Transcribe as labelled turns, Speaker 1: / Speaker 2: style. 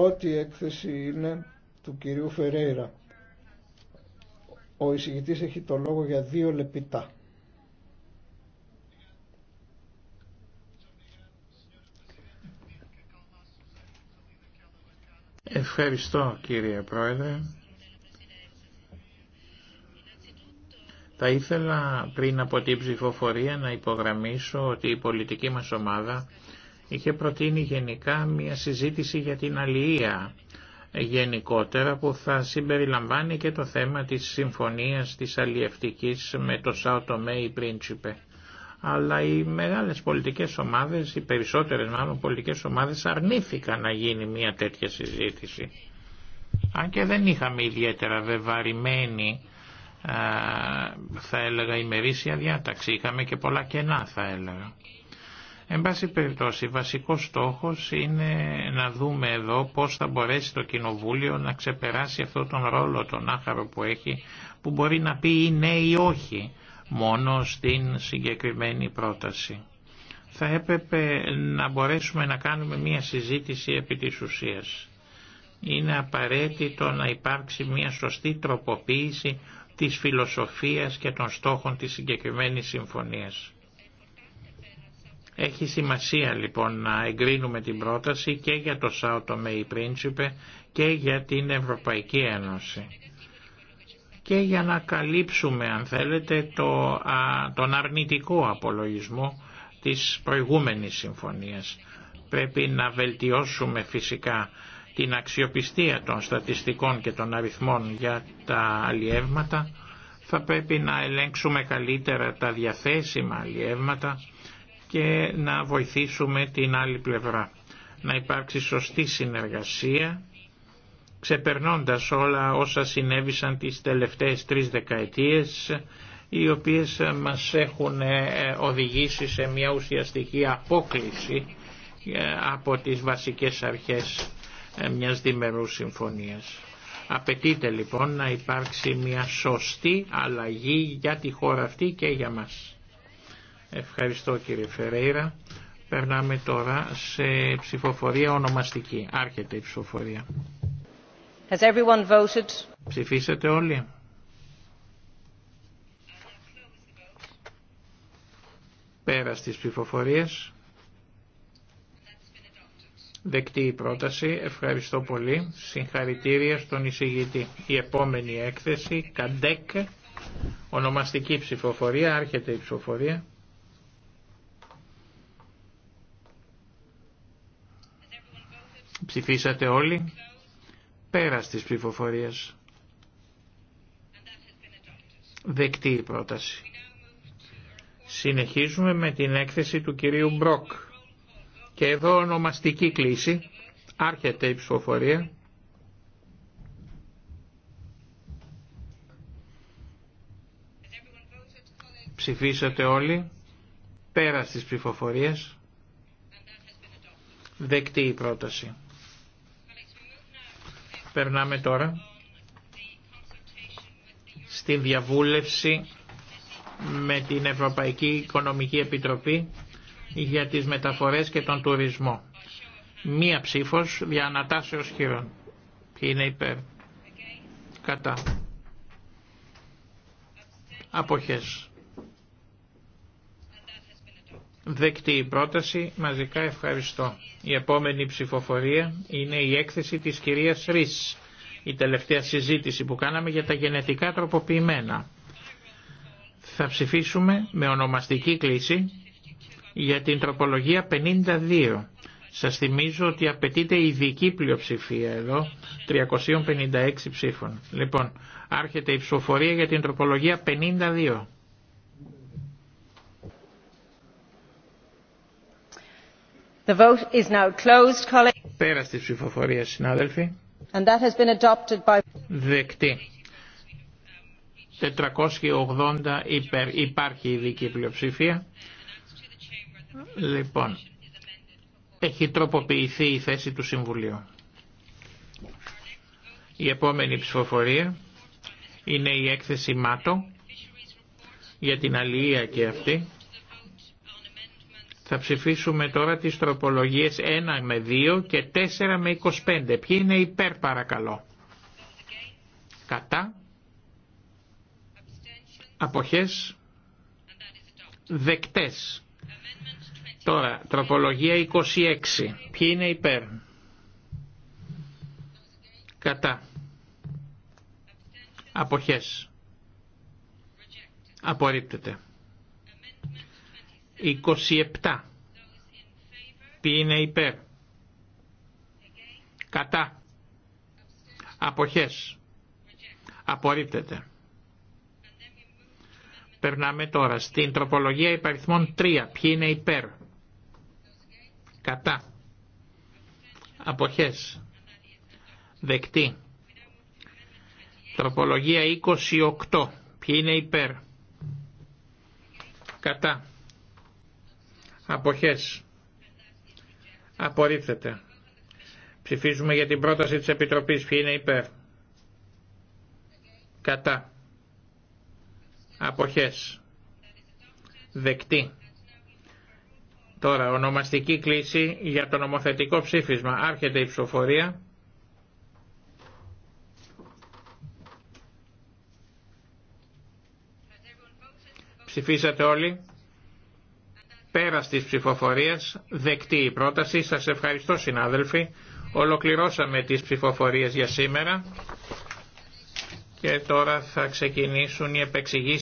Speaker 1: πρώτη έκθεση είναι του κυρίου Φερέιρα. Ο εισηγητής έχει το λόγο για δύο λεπτά. Ευχαριστώ κύριε Πρόεδρε. Θα ήθελα πριν από την ψηφοφορία να υπογραμμίσω ότι η πολιτική μας ομάδα είχε προτείνει γενικά μια συζήτηση για την αλληλεία γενικότερα που θα συμπεριλαμβάνει και το θέμα της συμφωνίας της αλλιευτικής με το Σάουτο Μέι Πρίντσιπε. Αλλά οι μεγάλες πολιτικές ομάδες, οι περισσότερες μάλλον πολιτικές ομάδες αρνήθηκαν να γίνει μια τέτοια συζήτηση. Αν και δεν είχαμε ιδιαίτερα βεβαρημένη θα έλεγα ημερήσια διάταξη, είχαμε και πολλά κενά θα έλεγα. Εν πάση περιπτώσει, βασικό στόχος είναι να δούμε εδώ πώς θα μπορέσει το Κοινοβούλιο να ξεπεράσει αυτόν τον ρόλο τον άχαρο που έχει, που μπορεί να πει ή ναι ή όχι μόνο στην συγκεκριμένη πρόταση. Θα έπρεπε να μπορέσουμε να κάνουμε μία συζήτηση επί της ουσίας. Είναι απαραίτητο να υπάρξει μία σωστή τροποποίηση της φιλοσοφίας και των στόχων της συγκεκριμένης συμφωνίας. Έχει σημασία λοιπόν να εγκρίνουμε την πρόταση και για το ΣΑΟΤΟΜΕΙ Μέι πρίνσιπε και για την Ευρωπαϊκή Ένωση και για να καλύψουμε αν θέλετε το, τον αρνητικό απολογισμό της προηγούμενης συμφωνίας. Πρέπει να βελτιώσουμε φυσικά την αξιοπιστία των στατιστικών και των αριθμών για τα αλλιεύματα, θα πρέπει να ελέγξουμε καλύτερα τα διαθέσιμα αλλιεύματα, και να βοηθήσουμε την άλλη πλευρά. Να υπάρξει σωστή συνεργασία, ξεπερνώντας όλα όσα συνέβησαν τις τελευταίες τρεις δεκαετίες, οι οποίες μας έχουν ε, οδηγήσει σε μια ουσιαστική απόκληση ε, από τις βασικές αρχές ε, μιας διμερούς συμφωνίας. Απαιτείται λοιπόν να υπάρξει μια σωστή αλλαγή για τη χώρα αυτή και για μας. Ευχαριστώ κύριε Φερέιρα. Περνάμε τώρα σε ψηφοφορία ονομαστική. Άρχεται η ψηφοφορία. Has everyone voted? Ψηφίσατε όλοι. Πέρα στις ψηφοφορίες. Δεκτή η πρόταση. Ευχαριστώ πολύ. Συγχαρητήρια στον εισηγητή. Η επόμενη έκθεση, Καντέκ, ονομαστική ψηφοφορία. Άρχεται η ψηφοφορία. Ψηφίσατε όλοι. Πέρα της ψηφοφορίες; Δεκτή η πρόταση. Συνεχίζουμε με την έκθεση του κυρίου Μπροκ. Και εδώ ονομαστική κλίση. Άρχεται η ψηφοφορία. Ψηφίσατε όλοι. Πέρα της ψηφοφορίες; Δεκτή η πρόταση. Περνάμε τώρα στη διαβούλευση με την Ευρωπαϊκή Οικονομική Επιτροπή για τις μεταφορές και τον τουρισμό. Μία ψήφος για Ανατάσσεως χειρών. Ποιοι είναι υπέρ. Κατά. Αποχές. Δεκτή η πρόταση, μαζικά ευχαριστώ. Η επόμενη ψηφοφορία είναι η έκθεση της κυρίας Ρης, η τελευταία συζήτηση που κάναμε για τα γενετικά τροποποιημένα. Θα ψηφίσουμε με ονομαστική κλίση για την τροπολογία 52. Σας θυμίζω ότι απαιτείται ειδική πλειοψηφία εδώ, 356 ψήφων. Λοιπόν, άρχεται η ψηφοφορία για την τροπολογία 52. Πέρα στη ψηφοφορία, συνάδελφοι. And that has been adopted by... 480 υπέρ. Υπάρχει ειδική πλειοψηφία. Λοιπόν, έχει τροποποιηθεί η θέση του Συμβουλίου. Η επόμενη ψηφοφορία είναι η έκθεση ΜΑΤΟ για την αλληλεία και αυτή. Θα ψηφίσουμε τώρα τις τροπολογίες 1 με 2 και 4 με 25. Ποιοι είναι υπέρ παρακαλώ. Κατά. Αποχές. Δεκτές. Τώρα, τροπολογία 26. Ποιοι είναι υπέρ. Κατά. Αποχές. Απορρίπτεται. 27. Ποιοι είναι υπέρ. Κατά. Αποχές. Απορρίπτεται. Περνάμε τώρα στην τροπολογία υπαριθμών 3. Ποιοι είναι υπέρ. Κατά. Αποχές. Δεκτή. Τροπολογία 28. Ποιοι είναι υπέρ. Κατά. Αποχές. Απορρίφθεται. Ψηφίζουμε για την πρόταση της Επιτροπής. Ποιοι είναι υπέρ. Κατά.
Speaker 2: Αποχές.
Speaker 1: Δεκτή. Τώρα, ονομαστική κλίση για το νομοθετικό ψήφισμα. Άρχεται η ψηφοφορία. Ψηφίσατε όλοι. Πέρα της ψηφοφορίας, δεκτή η πρόταση. Σας ευχαριστώ συνάδελφοι. Ολοκληρώσαμε τις ψηφοφορίες για σήμερα και τώρα θα ξεκινήσουν οι επεξηγήσεις.